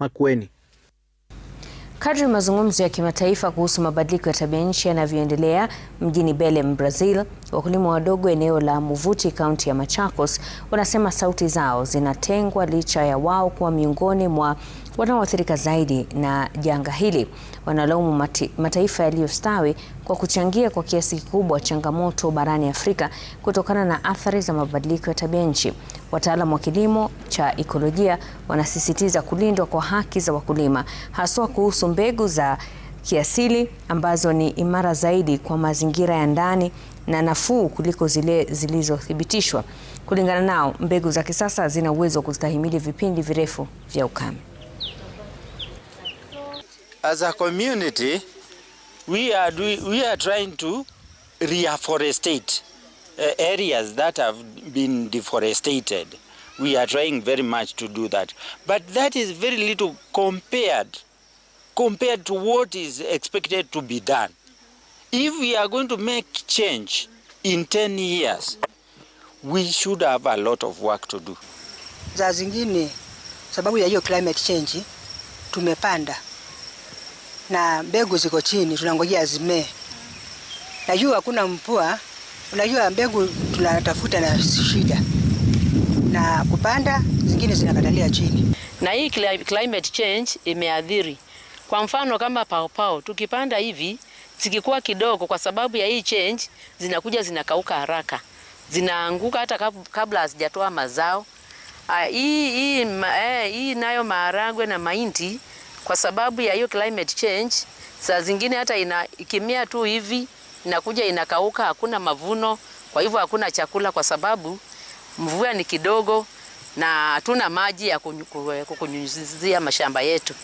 Makueni. Kadri mazungumzo ya kimataifa kuhusu mabadiliko ya tabia nchi yanavyoendelea mjini Belem, Brazil, wakulima wadogo eneo la Muvuti, kaunti ya Machakos, wanasema sauti zao zinatengwa licha ya wao kuwa miongoni mwa wanaoathirika zaidi na janga hili. Wanalaumu mataifa yaliyostawi kwa kuchangia kwa kiasi kikubwa changamoto barani Afrika kutokana na athari za mabadiliko ya tabia nchi. Wataalamu wa kilimo cha ikolojia wanasisitiza kulindwa kwa haki za wakulima haswa kuhusu mbegu za kiasili ambazo ni imara zaidi kwa mazingira ya ndani na nafuu kuliko zile zilizothibitishwa. Kulingana nao, mbegu za kisasa zina uwezo wa kustahimili vipindi virefu vya ukame. As a community, we are, we are trying to reforestate Uh, areas that have been deforested. We are trying very much to do that. But that is very little compared, compared to what is expected to be done. If we are going to make change in 10 years, we should have a lot of work to do. Za zingine sababu ya hiyo climate change tumepanda na mbegu ziko chini, tunangojea zimee. Najua hakuna mvua Unajua, mbegu tunatafuta na shida na kupanda, zingine zinakatalia chini, na hii climate change imeadhiri. Kwa mfano kama paopao tukipanda hivi zikikuwa kidogo, kwa sababu ya hii change zinakuja zinakauka haraka, zinaanguka hata kabla hazijatoa mazao. Ah, hii hii eh, hii nayo maharagwe na mahindi, kwa sababu ya hiyo climate change, saa zingine hata ina ikimea tu hivi inakuja inakauka, hakuna mavuno, kwa hivyo hakuna chakula, kwa sababu mvua ni kidogo na hatuna maji ya kukunyunyizia mashamba yetu.